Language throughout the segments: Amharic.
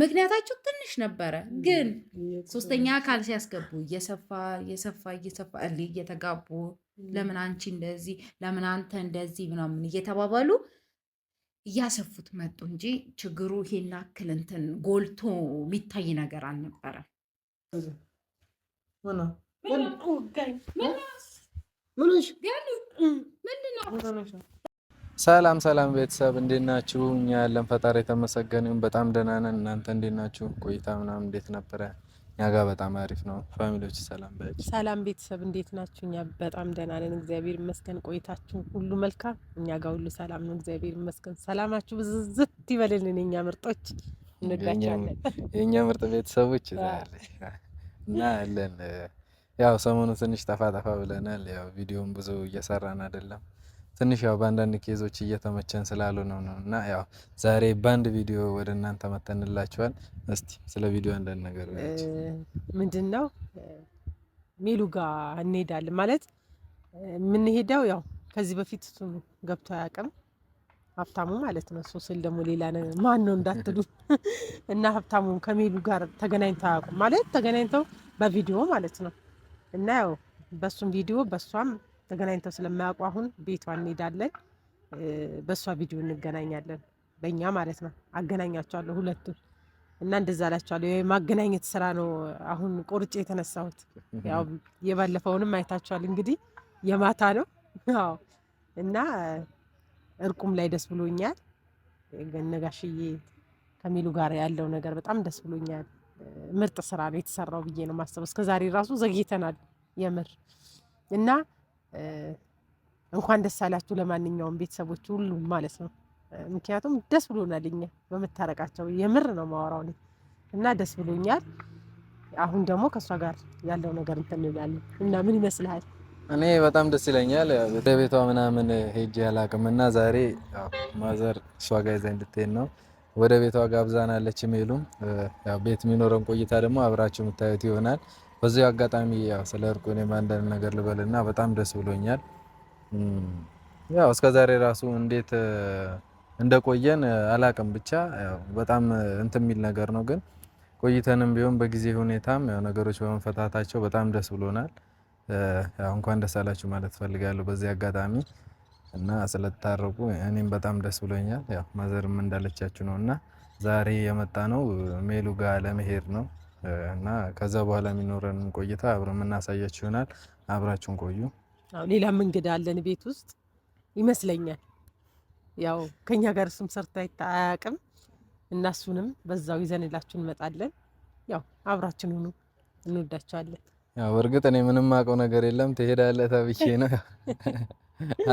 ምክንያታቸው ትንሽ ነበረ፣ ግን ሶስተኛ አካል ሲያስገቡ እየሰፋ እየሰፋ እየሰፋ እየተጋቡ ለምን አንቺ እንደዚህ ለምን አንተ እንደዚህ ምናምን እየተባባሉ እያሰፉት መጡ እንጂ ችግሩ ይሄን ያክል እንትን ጎልቶ የሚታይ ነገር አልነበረም። ምንሽ ሰላም ሰላም ቤተሰብ እንዴት ናችሁ? እኛ ያለን ፈጣሪ የተመሰገነ ይሁን በጣም ደህና ነን። እናንተ እንዴት ናችሁ? ቆይታ ምናምን እንዴት ነበረ? እኛ ጋር በጣም አሪፍ ነው። ፋሚሊዎች ሰላም በያች። ሰላም ቤተሰብ እንዴት ናችሁ? እኛ በጣም ደህና ነን፣ እግዚአብሔር ይመስገን። ቆይታችሁ ሁሉ መልካም? እኛ ጋር ሁሉ ሰላም ነው፣ እግዚአብሔር ይመስገን። ሰላማችሁ ብዝዝት ይበልልን የኛ ምርጦች፣ እንወዳችኋለን የእኛ ምርጥ ቤተሰቦች እና ያለን ያው ሰሞኑ ትንሽ ጠፋ ጠፋ ብለናል። ያው ቪዲዮን ብዙ እየሰራን አይደለም ትንሽ ያው በአንዳንድ ኬዞች እየተመቸን ስላሉ ነው እና ያው ዛሬ በአንድ ቪዲዮ ወደ እናንተ መተንላችኋል። እስቲ ስለ ቪዲዮ አንዳንድ ነገር ምንድን ነው ሚሉ ጋር እንሄዳለን ማለት የምንሄደው ያው ከዚህ በፊት እሱን ገብቶ አያውቅም ሀብታሙ ማለት ነው። እሱ ስል ደግሞ ሌላ ማን ነው እንዳትሉ እና ሀብታሙ ከሜሉ ጋር ተገናኝተው አያውቁም ማለት ተገናኝተው በቪዲዮ ማለት ነው እና ያው በሱም ቪዲዮ በሷም ተገናኝተው ስለማያውቁ አሁን ቤቷ እንሄዳለን። በእሷ ቪዲዮ እንገናኛለን፣ በእኛ ማለት ነው። አገናኛቸዋለሁ ሁለቱን እና እንደዛ ላቸዋለሁ። የማገናኘት ስራ ነው አሁን ቁርጭ የተነሳሁት። ያው የባለፈውንም አይታችኋል እንግዲህ የማታ ነው። አዎ እና እርቁም ላይ ደስ ብሎኛል። ነጋሽዬ ከሚሉ ጋር ያለው ነገር በጣም ደስ ብሎኛል። ምርጥ ስራ ነው የተሰራው ብዬ ነው ማሰበው። እስከዛሬ ራሱ ዘግይተናል የምር እና እንኳን ደስ አላችሁ ለማንኛውም ቤተሰቦች ሁሉ ማለት ነው። ምክንያቱም ደስ ብሎናል እኛ በመታረቃቸው የምር ነው ማወራው እና ደስ ብሎኛል። አሁን ደግሞ ከእሷ ጋር ያለው ነገር እንትን እንላለን እና ምን ይመስልሃል? እኔ በጣም ደስ ይለኛል። ቤቷ ምናምን ሄጅ አላውቅም እና ዛሬ ማዘር እሷ ጋር ይዛ እንድትሄድ ነው ወደ ቤቷ ጋብዛናለች። ሜሉም ቤት የሚኖረን ቆይታ ደግሞ አብራችሁ የምታዩት ይሆናል። በዚህ አጋጣሚ ያው ስለ እርቁ እኔም አንዳንድ ነገር ልበልና በጣም ደስ ብሎኛል። ያው እስከ ዛሬ ራሱ እንዴት እንደቆየን አላቅም፣ ብቻ በጣም እንትን የሚል ነገር ነው። ግን ቆይተንም ቢሆን በጊዜ ሁኔታም ያው ነገሮች በመፈታታቸው በጣም ደስ ብሎናል። ያው እንኳን ደስ አላችሁ ማለት ፈልጋለሁ በዚህ አጋጣሚ እና ስለተታረቁ እኔም በጣም ደስ ብሎኛል። ያው ማዘርም እንዳለቻችሁ ነው እና ዛሬ የመጣ ነው ሜሉ ጋር ለመሄድ ነው እና ከዛ በኋላ የሚኖረንም ቆይታ አብረ የምናሳያችሁ ይሆናል። አብራችሁን ቆዩ። ሌላም እንግዳ አለን ቤት ውስጥ ይመስለኛል። ያው ከኛ ጋር እሱም ሰርቶ አያውቅም እና በዛው ይዘንላችሁ እንመጣለን። ያው አብራችን ሁኑ። እንወዳቸዋለን። ያው እርግጥ እኔ ምንም አውቀው ነገር የለም ትሄዳለህ ተብዬ ነው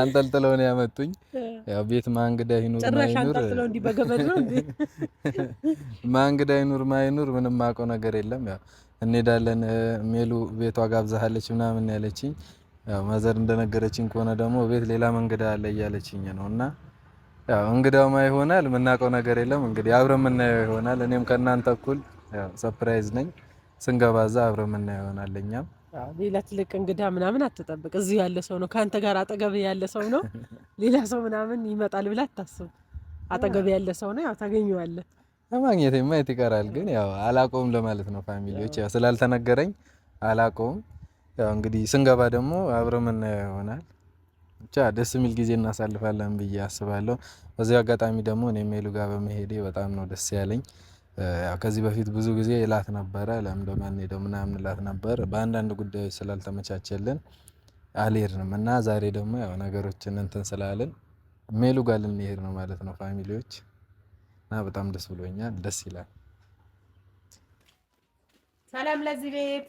አንጠልጥለው ነው ያመጡኝ። ያው ቤት ማንግዳ ይኑር ማይኑር ማንግዳ ይኑር ማይኑር ምንም ማውቀው ነገር የለም። ያው እንሄዳለን ሜሉ ቤቷ ጋብዛሃለች ምናምን ያለችኝ፣ ያው ማዘር እንደነገረችኝ ከሆነ ደግሞ ቤት ሌላ መንግዳ አለ እያለችኝ ነው እና ያው እንግዳውማ ይሆናል የምናውቀው ነገር የለም። እንግዲህ አብረን የምናየው ይሆናል። እኔም ከእናንተ እኩል ያው ሰርፕራይዝ ነኝ። ስንገባዛ አብረን የምናየው ይሆናል እኛም ሌላ ትልቅ እንግዳ ምናምን አትጠብቅ። እዚሁ ያለ ሰው ነው ከአንተ ጋር አጠገብ ያለ ሰው ነው። ሌላ ሰው ምናምን ይመጣል ብላ አታስብ። አጠገብ ያለ ሰው ነው፣ ያው ታገኘዋለህ። ለማግኘት የማየት ይቀራል፣ ግን ያው አላቆም ለማለት ነው። ፋሚሊዎች ያው ስላልተነገረኝ አላቆም። ያው እንግዲህ ስንገባ ደግሞ አብረ ምናየው ይሆናል። ብቻ ደስ የሚል ጊዜ እናሳልፋለን ብዬ አስባለሁ። በዚህ አጋጣሚ ደግሞ እኔ ሜሉ ጋር በመሄዴ በጣም ነው ደስ ያለኝ። ከዚህ በፊት ብዙ ጊዜ እላት ነበረ ለምንድነው ሄደው ምናምን ላት ነበር። በአንዳንድ ጉዳዮች ስላልተመቻቸልን አልሄድንም እና ዛሬ ደግሞ ያው ነገሮችን እንትን ስላልን ሜሉ ጋር ልንሄድ ነው ማለት ነው ፋሚሊዎች እና በጣም ደስ ብሎኛል። ደስ ይላል። ሰላም ለዚህ ቤት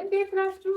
እንዴት ናችሁ?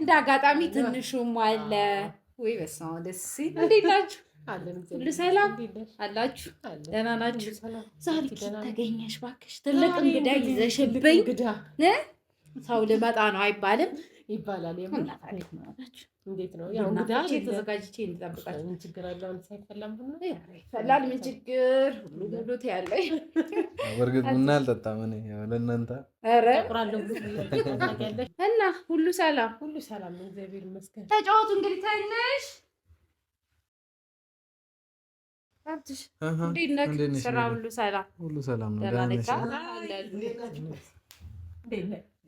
እንደ አጋጣሚ ትንሹም አለ ወይ በስመ አብ ደስ ሲል። እንዴት ናችሁ? ሁሉ ሰላም አላችሁ? ደህና ናችሁ? ዛሬ ተገኘሽ እባክሽ፣ ትልቅ እንግዳ ይዘሽብኝ። ሰው ልመጣ ነው አይባልም ይባላል። እንዴት ነው ያው እንግዳ ተዘጋጅቼ እንጠብቃቸው። ምን ችግር አለው? አንተ ሳይፈላም ቡና ይፈላል። ምን ችግር ብሎት ያለ በእርግጥ ቡና አልጠጣም እኔ ለእናንተ እና ሁሉ ሰላም፣ ሁሉ ሰላም፣ እግዚአብሔር ይመስገን። ተጫወቱ እንግዲህ ትንሽ እንዴት ነህ? ስራ ሁሉ ሰላም፣ ሁሉ ሰላም ነው። እንዴት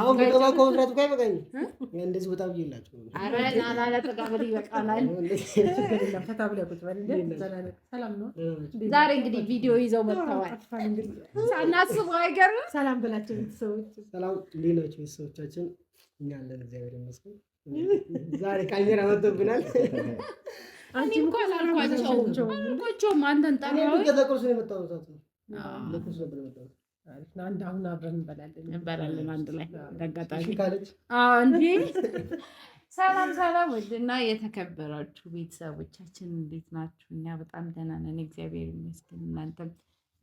አሁን ከገባ ኮንትራት እኮ አይበቃኝም። እንደዚህ ወጣ ብዬ ዛሬ እንግዲህ ቪዲዮ ይዘው መጥተዋል። ሳናስቡ አይገርም። ሰላም በላቸው ቤተሰቦች። ሰላም እንዴት ናቸው ቤተሰቦቻችን? እኛ አለን እግዚአብሔር ይመስገን። ዛሬ ካሜራ መጥቶብናል። እንኳን አልኳቸውም አንተን ጠራሁኝ። ነው የመጣሁት አንድ አሁን አብረን እንበላለን እንበላለን አንድ ላይ አጋጣሚ እንጂ። ሰላም ሰላም፣ ውድና የተከበራችሁ ቤተሰቦቻችን እንዴት ናችሁ? እኛ በጣም ደህና ነን እግዚአብሔር ይመስገን። እናንተም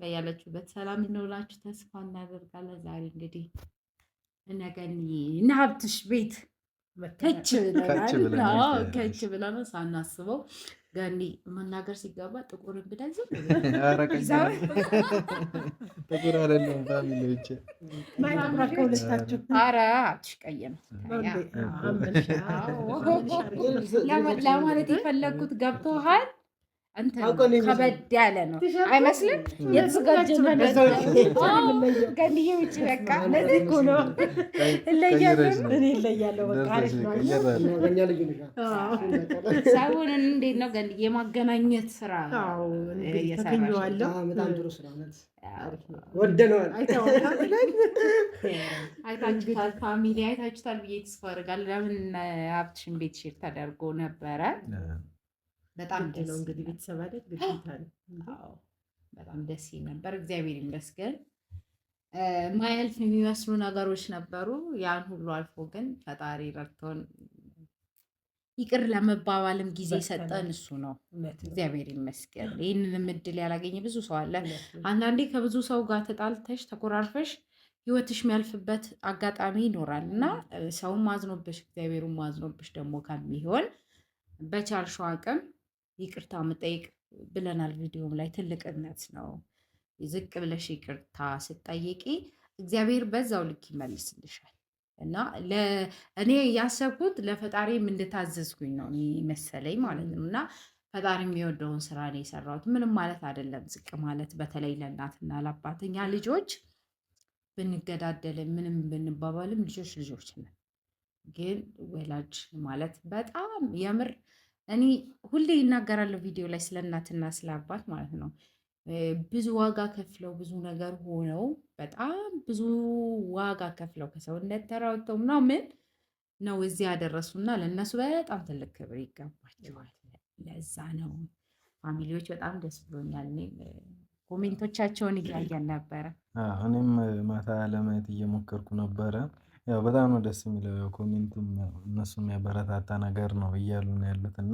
በያላችሁበት ሰላም ይኖራችሁ ተስፋ እናደርጋለን። ዛሬ እንግዲህ ነገኒ እነ ሀብትሽ ቤት ከች ብለናል። ከች ብለናል ሳናስበው ጋንዲ መናገር ሲገባ ጥቁር እንግዳ ዝም ጥቁር አይደለም ለማለት የፈለግኩት ገብቶሃል። ከበድ ያለ ነው አይመስልም? የተዘጋጀ ውጭ በቃ ለዚህ እኮ ነው እለያለሁ። ሰውን እንዴት ነው ገንዬ የማገናኘት ስራ ወደነዋል። አይታችሁታል፣ ፋሚሊ አይታችሁታል ብዬ ተስፋ አደርጋለሁ። ለምን ሀብትሽን ቤት ሼር ተደርጎ ነበረ በጣም ነው እንግዲህ ቤተሰብ አይደል ግዴታ ነው። በጣም ደስ ይል ነበር። እግዚአብሔር ይመስገን ማያልፍ የሚመስሉ ነገሮች ነበሩ። ያን ሁሉ አልፎ ግን ፈጣሪ ረድቶን ይቅር ለመባባልም ጊዜ ሰጠን እሱ ነው። እግዚአብሔር ይመስገን። ይህንንም እድል ያላገኘ ብዙ ሰው አለ። አንዳንዴ ከብዙ ሰው ጋር ተጣልተሽ ተኮራርፈሽ ህይወትሽ የሚያልፍበት አጋጣሚ ይኖራል እና ሰውም አዝኖብሽ እግዚአብሔሩም አዝኖብሽ ደግሞ ከሚሆን በቻልሽው አቅም ይቅርታ መጠየቅ ብለናል። ቪዲዮም ላይ ትልቅነት ነው። ዝቅ ብለሽ ይቅርታ ስጠይቂ እግዚአብሔር በዛው ልክ ይመልስልሻል። እና እኔ ያሰብኩት ለፈጣሪም እንድታዘዝኩኝ ነው መሰለኝ ማለት ነው። እና ፈጣሪ የሚወደውን ስራ ነው የሰራሁት። ምንም ማለት አይደለም ዝቅ ማለት በተለይ ለእናትና ለአባተኛ ልጆች ብንገዳደልም ምንም ብንባባልም ልጆች ልጆች ነን። ግን ወላጅ ማለት በጣም የምር እኔ ሁሌ ይናገራለሁ ቪዲዮ ላይ ስለ እናትና ስለ አባት ማለት ነው። ብዙ ዋጋ ከፍለው ብዙ ነገር ሆነው በጣም ብዙ ዋጋ ከፍለው ከሰውነት ተራውተው ምናምን ነው እዚህ ያደረሱና ለእነሱ በጣም ትልቅ ክብር ይገባቸዋል። ለዛ ነው ፋሚሊዎች በጣም ደስ ብሎኛል። ኮሜንቶቻቸውን እያየን ነበረ። እኔም ማታ ለማየት እየሞከርኩ ነበረ። ያው በጣም ነው ደስ የሚለው ያው ኮሜንቱም እነሱ የሚያበረታታ ነገር ነው እያሉ ነው ያሉት እና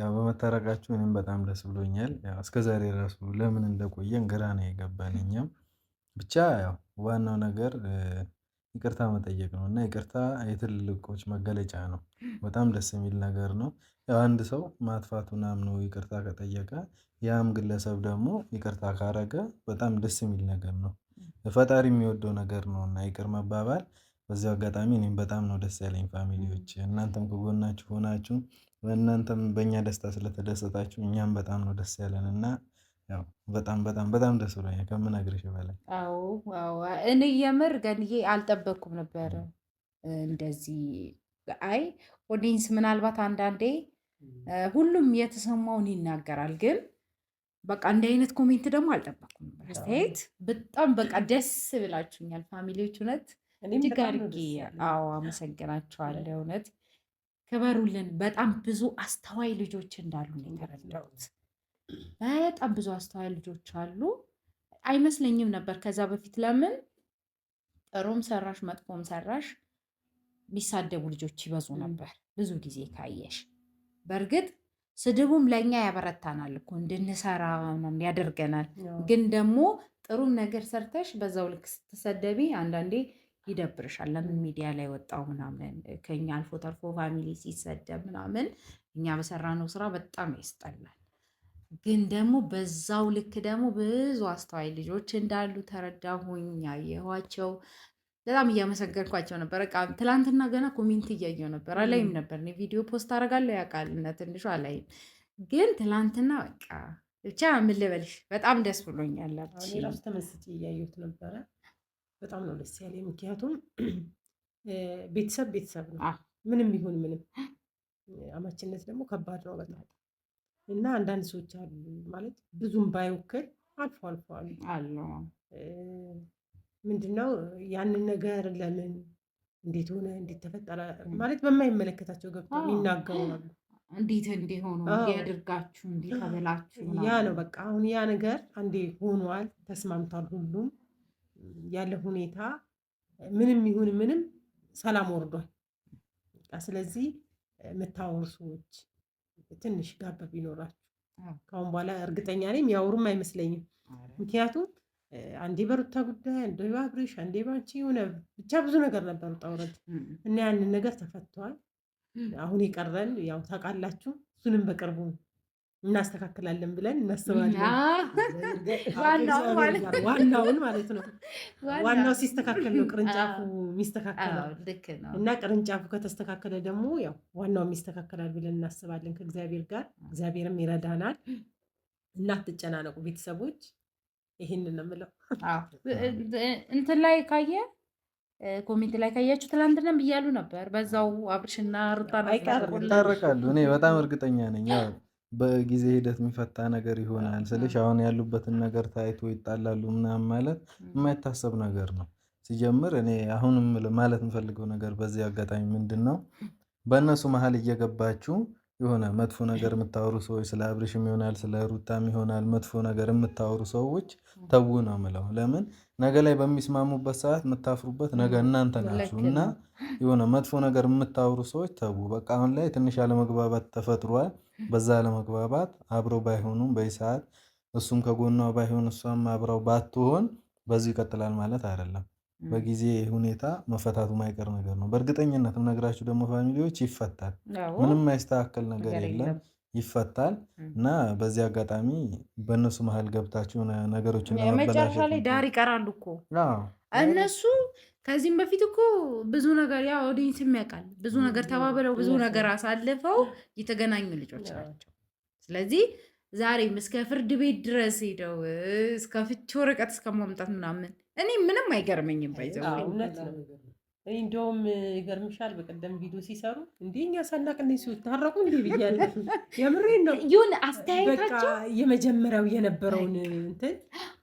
ያው በመታረቃችሁ እኔም በጣም ደስ ብሎኛል። ያው እስከዛሬ ራሱ ለምን እንደቆየን ግራ ነው የገባን እኛም ብቻ ያው ዋናው ነገር ይቅርታ መጠየቅ ነው እና ይቅርታ የትልልቆች መገለጫ ነው። በጣም ደስ የሚል ነገር ነው። ያው አንድ ሰው ማጥፋቱ ምናምን ይቅርታ ከጠየቀ ያም ግለሰብ ደግሞ ይቅርታ ካረገ በጣም ደስ የሚል ነገር ነው። ፈጣሪ የሚወደው ነገር ነው እና ይቅር መባባል በዚህ አጋጣሚ እኔም በጣም ነው ደስ ያለኝ ፋሚሊዎች እናንተም ከጎናችሁ ሆናችሁ እናንተም በእኛ ደስታ ስለተደሰታችሁ እኛም በጣም ነው ደስ ያለን እና በጣም በጣም በጣም ደስ ብሎኛል ከምነግርሽ በላይ። አዎ አዎ እኔ የምር ገንዬ አልጠበቅኩም ነበር እንደዚህ። አይ ኦዲንስ ምናልባት አንዳንዴ ሁሉም የተሰማውን ይናገራል፣ ግን በቃ እንዲህ አይነት ኮሜንት ደግሞ አልጠበቅኩም። አስተያየት በጣም በቃ ደስ ብላችሁኛል ፋሚሊዎች እውነት እጅግ አዎ አመሰግናቸዋለሁ። እውነት ክበሩልን። በጣም ብዙ አስተዋይ ልጆች እንዳሉ ነው የተረዳሁት። በጣም ብዙ አስተዋይ ልጆች አሉ። አይመስለኝም ነበር ከዛ በፊት ለምን ጥሩም ሰራሽ መጥፎም ሰራሽ የሚሳደቡ ልጆች ይበዙ ነበር ብዙ ጊዜ ካየሽ። በእርግጥ ስድቡም ለእኛ ያበረታናል እኮ እንድንሰራ ያደርገናል። ግን ደግሞ ጥሩም ነገር ሰርተሽ በዛው ልክ ስትሰደቢ አንዳንዴ ይደብርሻል። ለምን ሚዲያ ላይ ወጣው ምናምን ከኛ አልፎ ተርፎ ፋሚሊ ሲሰደብ ምናምን እኛ በሰራነው ስራ በጣም ያስጠላል። ግን ደግሞ በዛው ልክ ደግሞ ብዙ አስተዋይ ልጆች እንዳሉ ተረዳሁኝ። ያየኋቸው በጣም እያመሰገንኳቸው ነበር። በቃ ትላንትና ገና ኮሜንት እያየው ነበር። አላይም ነበር ቪዲዮ ፖስት አደርጋለሁ ያውቃል እነ ትንሹ አላይም። ግን ትላንትና በቃ ብቻ ምን ልበልሽ በጣም ደስ ብሎኛል። ራሱ ተመስጬ እያየሁት ነበረ በጣም ነው ደስ ያለኝ። ምክንያቱም ቤተሰብ ቤተሰብ ነው፣ ምንም ይሁን ምንም። አማችነት ደግሞ ከባድ ነው በጣም እና አንዳንድ ሰዎች አሉ ማለት ብዙም ባይወክል አልፎ አልፎ አሉ። ምንድነው ያንን ነገር ለምን እንዴት ሆነ እንዴት ተፈጠረ ማለት በማይመለከታቸው ገብቶ የሚናገሩ አሉ። እንዴት እንዲሆኑ እንዲያደርጋችሁ እንዲህ ያ ነው በቃ። አሁን ያ ነገር አንዴ ሆኗል፣ ተስማምቷል ሁሉም ያለ ሁኔታ ምንም ይሁን ምንም ሰላም ወርዷል። ስለዚህ የምታወሩ ሰዎች ትንሽ ጋበብ ቢኖራችሁ ከአሁን በኋላ እርግጠኛ ነኝ የሚያወሩም አይመስለኝም። ምክንያቱም አንዴ በሩታ ጉዳይ፣ አንዴ ባብሬሽ፣ አንዴ ባንቺ የሆነ ብቻ ብዙ ነገር ነበሩ ጠውረድ እና ያንን ነገር ተፈቷል። አሁን የቀረን ያው ታውቃላችሁ፣ እሱንም በቅርቡ እናስተካክላለን ብለን እናስባለን። ዋናውን ማለት ነው። ዋናው ሲስተካከል ነው ቅርንጫፉ የሚስተካከለው እና ቅርንጫፉ ከተስተካከለ ደግሞ ያው ዋናው ይስተካከላል ብለን እናስባለን ከእግዚአብሔር ጋር። እግዚአብሔርም ይረዳናል እና ቤተሰቦች። ይህን ነው የምለው። እንትን ላይ ካየ ኮሜንት ላይ ካያችሁ ትላንትናም እያሉ ነበር። በዛው አብርሽና ሩታ ይታረቃሉ። እኔ በጣም እርግጠኛ ነኝ። በጊዜ ሂደት የሚፈታ ነገር ይሆናል ስልሽ አሁን ያሉበትን ነገር ታይቶ ይጣላሉ ምናምን ማለት የማይታሰብ ነገር ነው። ሲጀምር እኔ አሁንም ማለት የምፈልገው ነገር በዚህ አጋጣሚ ምንድነው? በእነሱ መሀል እየገባችሁ የሆነ መጥፎ ነገር የምታወሩ ሰዎች ስለ አብርሽም ይሆናል ስለ ሩታም ይሆናል መጥፎ ነገር የምታወሩ ሰዎች ተዉ ነው የምለው። ለምን ነገ ላይ በሚስማሙበት ሰዓት የምታፍሩበት ነገ እናንተ ናችሁ እና የሆነ መጥፎ ነገር የምታወሩ ሰዎች ተዉ። በቃ አሁን ላይ ትንሽ አለመግባባት ተፈጥሯል። በዛ አለመግባባት አብረው ባይሆኑም በሰዓት እሱም ከጎኗ ባይሆን እሷም አብረው ባትሆን በዚሁ ይቀጥላል ማለት አይደለም። በጊዜ ሁኔታ መፈታቱ ማይቀር ነገር ነው። በእርግጠኝነት የምነግራችሁ ደግሞ ፋሚሊዎች ይፈታል። ምንም ማይስተካከል ነገር የለም፣ ይፈታል እና በዚህ አጋጣሚ በእነሱ መሀል ገብታችሁ ነገሮችን መጨረሻ ላይ ዳር ይቀራሉ እኮ እነሱ ከዚህም በፊት እኮ ብዙ ነገር ያው ኦዲንስ የሚያውቃል ብዙ ነገር ተባብለው ብዙ ነገር አሳልፈው የተገናኙ ልጆች ናቸው። ስለዚህ ዛሬም እስከ ፍርድ ቤት ድረስ ሄደው እስከ ፍቺ ወረቀት እስከ ማምጣት ምናምን እኔ ምንም አይገርመኝም ባይዘው እንደውም ይገርምሻል፣ በቀደም ቪዲዮ ሲሰሩ እንደ እኛ ሳናቅ እነሱ ታረቁ እንዴ ብያለሁ። የምሬን ነው። ይሁን አስተያየታቸው የመጀመሪያው የነበረውን እንትን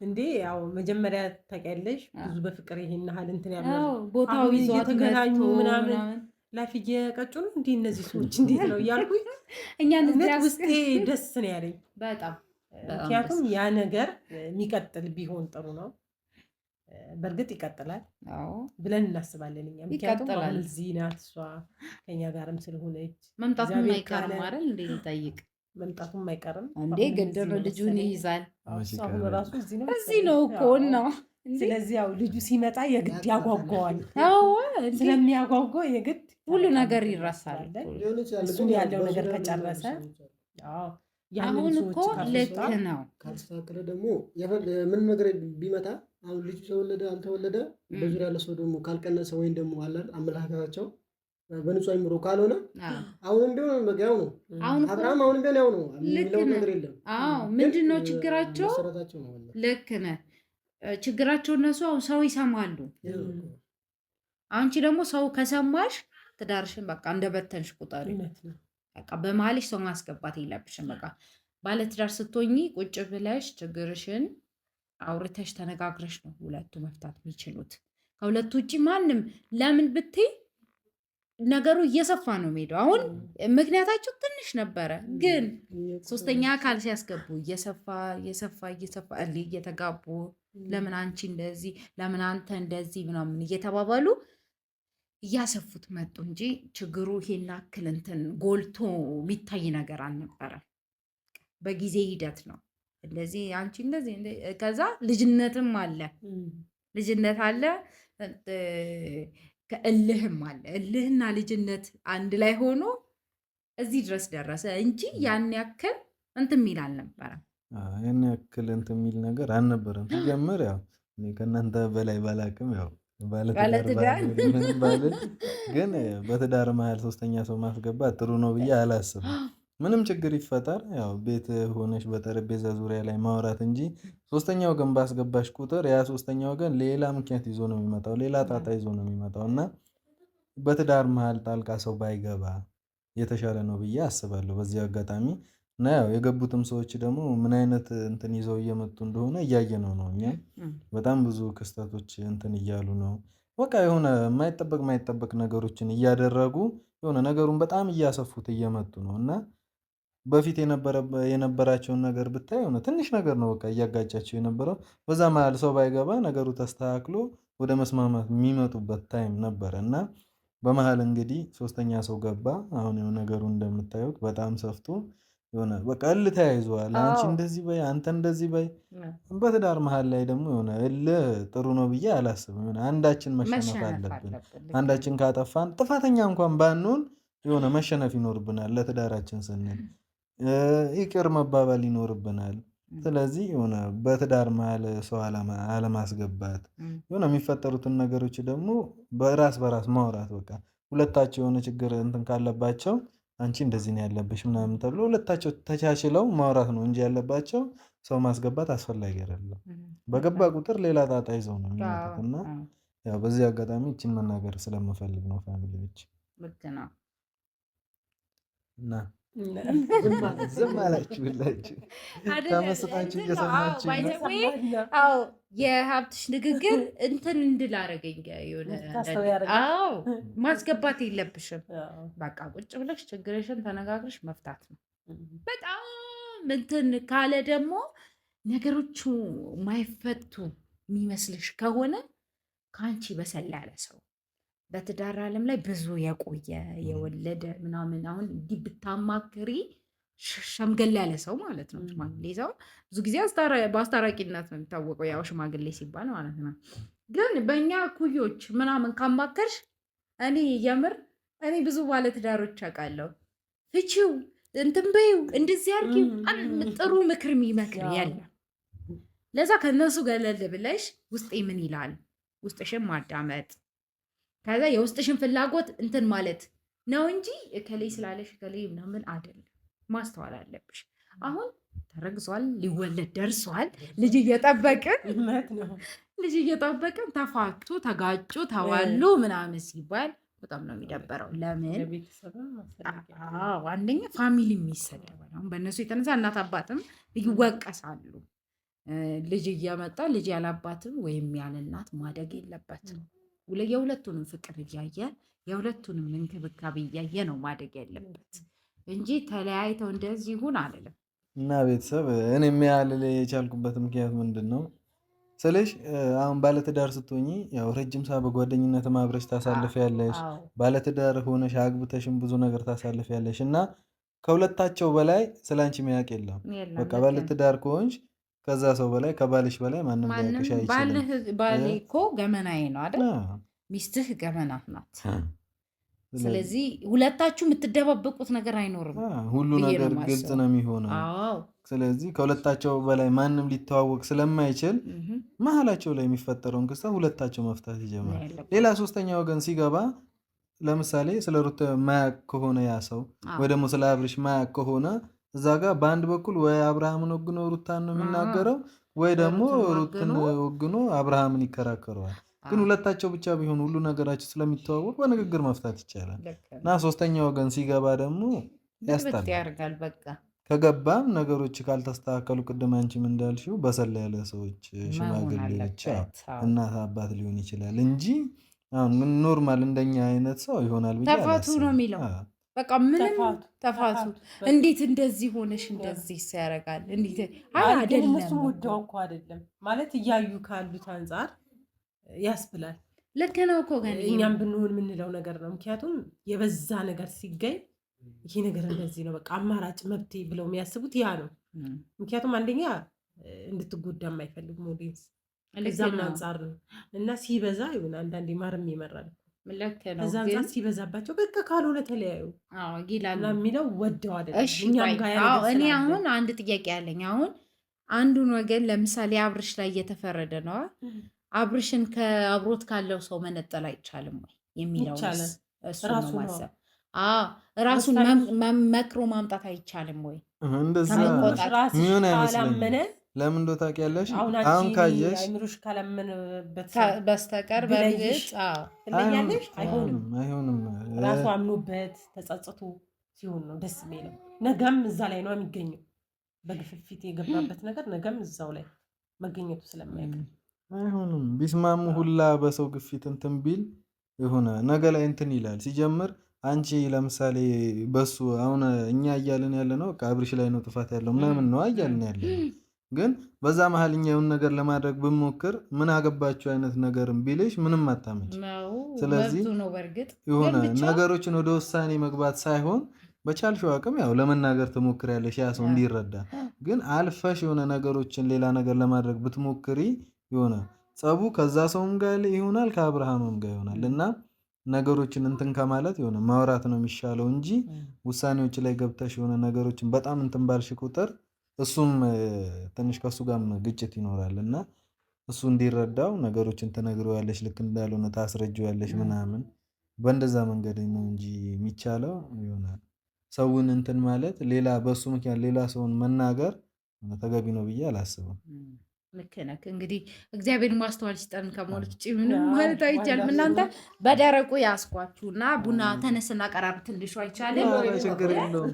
እንዴ ያው መጀመሪያ ታውቂያለሽ፣ ብዙ በፍቅር ይሄን ያህል እንትን ያለው ቦታው ይዞ የተገናኙ ምናምን ላይፍ እየቀጩ ነው እንዴ እነዚህ ሰዎች እንዴት ነው እያልኩኝ እኛነት ውስጤ ደስ ነው ያለኝ በጣም ምክንያቱም ያ ነገር የሚቀጥል ቢሆን ጥሩ ነው። በእርግጥ ይቀጥላል ብለን እናስባለን እኛ። ምክንያቱም እዚህ ናት እሷ ከኛ ጋርም ስለሆነች መምጣቱም አይቀርም አይደል እንዴ? ይጠይቅ መምጣቱም አይቀርም እንዴ? ገደር ልጁን ይይዛል። አሁን ራሱ እዚህ ነው እዚህ ነው እኮ ነው። ስለዚህ ያው ልጁ ሲመጣ የግድ ያጓጓዋል። ስለሚያጓጓው የግድ ሁሉ ነገር ይረሳል። እሱ ያለው ነገር ከጨረሰ አሁን እኮ ልክ ነው። ካልተስተካከለ ደግሞ ምን ነገር ቢመጣ አሁን ልጁ ተወለደ አልተወለደ በዙሪያ ያለ ሰው ደግሞ ካልቀነሰ ወይም ደግሞ አላል አመለካከታቸው በንጹህ አይምሮ ካልሆነ አሁን ቢሆን በጋው ነው። አብርሃም አሁን ቢሆን ያው ነው። ልክ ነገር የለም። አዎ ምንድን ነው ችግራቸው? ልክ ነህ። ችግራቸው እነሱ አሁን ሰው ይሰማሉ። አንቺ ደግሞ ሰው ከሰማሽ ትዳርሽን በቃ እንደበተንሽ ቁጠሪ። በቃ በመሀልሽ ሰው ማስገባት የለብሽም። በቃ ባለትዳር ስትሆኚ ቁጭ ብለሽ ችግርሽን አውርተሽ ተነጋግረሽ ነው ሁለቱ መፍታት የሚችሉት። ከሁለቱ ውጭ ማንም ለምን ብትይ ነገሩ እየሰፋ ነው የሚሄደው። አሁን ምክንያታቸው ትንሽ ነበረ፣ ግን ሶስተኛ አካል ሲያስገቡ እየሰፋ እየሰፋ እየሰፋ እየተጋቡ ለምን አንቺ እንደዚህ ለምን አንተ እንደዚህ ምናምን እየተባባሉ እያሰፉት መጡ እንጂ ችግሩ ይሄን ያክል እንትን ጎልቶ የሚታይ ነገር አልነበረም። በጊዜ ሂደት ነው እንደዚህ አንቺ እንደዚህ ከዛ ልጅነትም አለ ልጅነት አለ ከእልህም አለ እልህና ልጅነት አንድ ላይ ሆኖ እዚህ ድረስ ደረሰ እንጂ ያን ያክል እንትን የሚል አልነበረም። ያን ያክል እንትን የሚል ነገር አልነበረም። ሲጀምር ያው ከእናንተ በላይ ባላቅም ያው ባለትዳር ግን በትዳር መሀል ሶስተኛ ሰው ማስገባት ጥሩ ነው ብዬ አላስብም። ምንም ችግር ይፈጠር ያው ቤት ሆነሽ በጠረጴዛ ዙሪያ ላይ ማውራት እንጂ ሶስተኛ ወገን ባስገባሽ ቁጥር ያ ሶስተኛ ወገን ሌላ ምክንያት ይዞ ነው የሚመጣው፣ ሌላ ጣጣ ይዞ ነው የሚመጣው እና በትዳር መሀል ጣልቃ ሰው ባይገባ የተሻለ ነው ብዬ አስባለሁ። በዚህ አጋጣሚ ነው የገቡትም ሰዎች ደግሞ ምን አይነት እንትን ይዘው እየመጡ እንደሆነ እያየነው ነው። እኛ በጣም ብዙ ክስተቶች እንትን እያሉ ነው። በቃ የሆነ የማይጠበቅ የማይጠበቅ ነገሮችን እያደረጉ የሆነ ነገሩን በጣም እያሰፉት እየመጡ ነው። እና በፊት የነበራቸውን ነገር ብታይ የሆነ ትንሽ ነገር ነው በቃ እያጋጫቸው የነበረው። በዛ መሀል ሰው ባይገባ ነገሩ ተስተካክሎ ወደ መስማማት የሚመጡበት ታይም ነበረ። እና በመሃል እንግዲህ ሶስተኛ ሰው ገባ። አሁን ነገሩ እንደምታዩት በጣም ሰፍቶ የሆነ በቃ እልህ ተያይዘዋል። አንቺ እንደዚህ በይ፣ አንተ እንደዚህ በይ። በትዳር መሀል ላይ ደግሞ የሆነ እል ጥሩ ነው ብዬ አላስብም። አንዳችን መሸነፍ አለብን። አንዳችን ካጠፋን ጥፋተኛ እንኳን ባንሆን የሆነ መሸነፍ ይኖርብናል። ለትዳራችን ስንል ይቅር መባባል ይኖርብናል። ስለዚህ የሆነ በትዳር መሀል ሰው አለማስገባት፣ የሆነ የሚፈጠሩትን ነገሮች ደግሞ በራስ በራስ ማውራት በቃ ሁለታቸው የሆነ ችግር እንትን ካለባቸው አንቺ እንደዚህ ነው ያለብሽ ምናምን ተብሎ ሁለታቸው ተቻችለው ማውራት ነው እንጂ ያለባቸው ሰው ማስገባት አስፈላጊ አይደለም። በገባ ቁጥር ሌላ ጣጣ ይዘው ነው የሚመጡት እና ያው በዚህ አጋጣሚ ይችን መናገር ስለምፈልግ ነው ፋሚሊዎች እና ዝም አላችሁላችሁ፣ የሀብትሽ ንግግር እንትን እንድል አደረገኝ። ማስገባት የለብሽም በቃ ቁጭ ብለሽ ችግርሽን ተነጋግረሽ መፍታት ነው። በጣም እንትን ካለ ደግሞ ነገሮቹ ማይፈቱ የሚመስልሽ ከሆነ ከአንቺ በሰል ያለ ሰው በትዳር ዓለም ላይ ብዙ የቆየ የወለደ ምናምን አሁን እንዲህ ብታማክሪ ሸምገል ያለ ሰው ማለት ነው። ሽማግሌ ሰው ብዙ ጊዜ በአስታራቂነት ነው የሚታወቀው፣ ያው ሽማግሌ ሲባል ማለት ነው። ግን በእኛ ኩዮች ምናምን ካማከርሽ እኔ የምር እኔ ብዙ ባለትዳሮች አውቃለሁ። ፍቺው እንትን በይው እንደዚህ ጥሩ ምክር የሚመክር ያለ ለዛ ከነሱ ገለል ብለሽ ውስጤ ምን ይላል ውስጥሽን ማዳመጥ ከዛ የውስጥሽን ፍላጎት እንትን ማለት ነው እንጂ እከሌ ስላለሽ እከሌ ምናምን አይደለም። ማስተዋል አለብሽ። አሁን ተረግዟል፣ ሊወለድ ደርሷል። ልጅ እየጠበቅን ልጅ እየጠበቅን ተፋቱ፣ ተጋጩ፣ ተዋሉ ምናምን ሲባል በጣም ነው የሚደበረው። ለምን አንደኛ ፋሚሊ የሚሰደባል። በእነሱ የተነሳ እናት አባትም ይወቀሳሉ። ልጅ እየመጣ ልጅ ያለ አባትም ወይም ያለ እናት ማደግ የለበትም። የሁለቱንም ፍቅር እያየ የሁለቱንም እንክብካቤ እያየ ነው ማደግ ያለበት እንጂ ተለያይተው እንደዚህ ይሁን አልልም። እና ቤተሰብ እኔ የሚያልል የቻልኩበት ምክንያት ምንድን ነው ስልሽ አሁን ባለትዳር ስትሆኚ ያው ረጅም ሰዓት በጓደኝነት ማብረሽ ታሳልፍ ያለሽ ባለትዳር ሆነሽ አግብተሽም ብዙ ነገር ታሳልፍ ያለሽ እና ከሁለታቸው በላይ ስለ አንቺ የሚያውቅ የለም። በቃ ባለትዳር ከሆንሽ ከዛ ሰው በላይ ከባልሽ በላይ ማንም ሊያውቅሽ አይችልም። እኮ ገመናዬ ነው አይደል? ሚስትህ ገመና ናት። ስለዚህ ሁለታችሁ የምትደባበቁት ነገር አይኖርም። ሁሉ ነገር ግልጽ ነው የሚሆነው። ስለዚህ ከሁለታቸው በላይ ማንም ሊተዋወቅ ስለማይችል መሀላቸው ላይ የሚፈጠረውን ክስተት ሁለታቸው መፍታት ይጀምራል። ሌላ ሶስተኛ ወገን ሲገባ ለምሳሌ ስለ ሩት ማያቅ ከሆነ ያ ሰው ወይ ደግሞ ስለ አብርሽ ማያቅ ከሆነ እዛ ጋር በአንድ በኩል ወይ አብርሃምን ወግኖ ሩታን ነው የሚናገረው፣ ወይ ደግሞ ሩትን ወግኖ አብርሃምን ይከራከረዋል። ግን ሁለታቸው ብቻ ቢሆን ሁሉ ነገራቸው ስለሚተዋወቅ በንግግር መፍታት ይቻላል። እና ሶስተኛ ወገን ሲገባ ደግሞ ያስታል ከገባም ነገሮች ካልተስተካከሉ ቅድም አንቺም እንዳልሽው በሰላ ያለ ሰዎች ሽማግሌዎች፣ እናት አባት ሊሆን ይችላል እንጂ ኖርማል እንደኛ አይነት ሰው ይሆናል ብዬ ነው የሚለው በቃ ምንም ተፋቱ። እንዴት እንደዚህ ሆነሽ እንደዚህ ሲያደርጋል? እንዴት አይደለም እሱ ውደው እኮ አይደለም ማለት እያዩ ካሉት አንጻር ያስብላል። ልክ ነው እኮ ገ እኛም ብንሆን የምንለው ነገር ነው። ምክንያቱም የበዛ ነገር ሲገኝ ይሄ ነገር እንደዚህ ነው፣ በቃ አማራጭ መብቴ ብለው የሚያስቡት ያ ነው። ምክንያቱም አንደኛ እንድትጎዳ የማይፈልግ ሞዴንስ ከዛም አንጻር ነው እና ሲበዛ ይሆን አንዳንዴ ማርም ይመራል ልክ ነው። እዛ ንጻት ሲበዛባቸው በቃ ካልሆነ ተለያዩ ይላሉ የሚለው ወደው አይደለም። እኔ አሁን አንድ ጥያቄ ያለኝ አሁን አንዱን ወገን ለምሳሌ አብርሽ ላይ እየተፈረደ ነዋ። አብርሽን ከአብሮት ካለው ሰው መነጠል አይቻልም ወይ የሚለው ራሱን መክሮ ማምጣት አይቻልም ወይ? እንደዛ ምን አይመስለኝም ለምን እንደው ታውቂያለሽ፣ አሁን ካየሽ አይምሮሽ ካለምን በስተቀር በልጅ ትለያለሽ። አይሆንም አይሆንም። ራሱ አምኖበት ተጸጽቶ ሲሆን ነው ደስ የሚለው። ነገም እዛ ላይ ነው የሚገኘው። በግፍፊት የገባበት ነገር ነገም እዛው ላይ መገኘቱ ስለማያውቅ አይሆንም። ቢስማሙ ሁላ በሰው ግፊት እንትን ቢል የሆነ ነገ ላይ እንትን ይላል ሲጀምር አንቺ ለምሳሌ በሱ አሁን እኛ እያልን ያለ ነው አብርሽ ላይ ነው ጥፋት ያለው ምናምን ነው እያልን ያለ ግን በዛ መሀል እኛ የሆነ ነገር ለማድረግ ብንሞክር ምን አገባቸው አይነት ነገርም ቢልሽ ምንም አታመጭ። ስለዚህ የሆነ ነገሮችን ወደ ውሳኔ መግባት ሳይሆን በቻልሽው አቅም ያው ለመናገር ትሞክሪያለሽ፣ ያ ሰው እንዲረዳ። ግን አልፈሽ የሆነ ነገሮችን ሌላ ነገር ለማድረግ ብትሞክሪ የሆነ ጸቡ ከዛ ሰውም ጋር ይሆናል ከአብርሃምም ጋር ይሆናል እና ነገሮችን እንትን ከማለት የሆነ ማውራት ነው የሚሻለው እንጂ ውሳኔዎች ላይ ገብተሽ የሆነ ነገሮችን በጣም እንትን ባልሽ ቁጥር እሱም ትንሽ ከሱ ጋርም ግጭት ይኖራል እና እሱ እንዲረዳው ነገሮችን ትነግሪዋለሽ ልክ እንዳልሆነ ታስረጂዋለሽ ምናምን በእንደዛ መንገድ ነው እንጂ የሚቻለው ይሆናል። ሰውን እንትን ማለት ሌላ በእሱ ምክንያት ሌላ ሰውን መናገር ተገቢ ነው ብዬ አላስብም። ልክ ነህ። እንግዲህ እግዚአብሔር ማስተዋል ሲጠን ከመሆኑት ውጭ ምንም ማለት አይቻልም። እናንተ በደረቁ ያስኳችሁ እና ቡና ተነስና ቀራር ትንሿ አይቻልም። ችግር የለውም።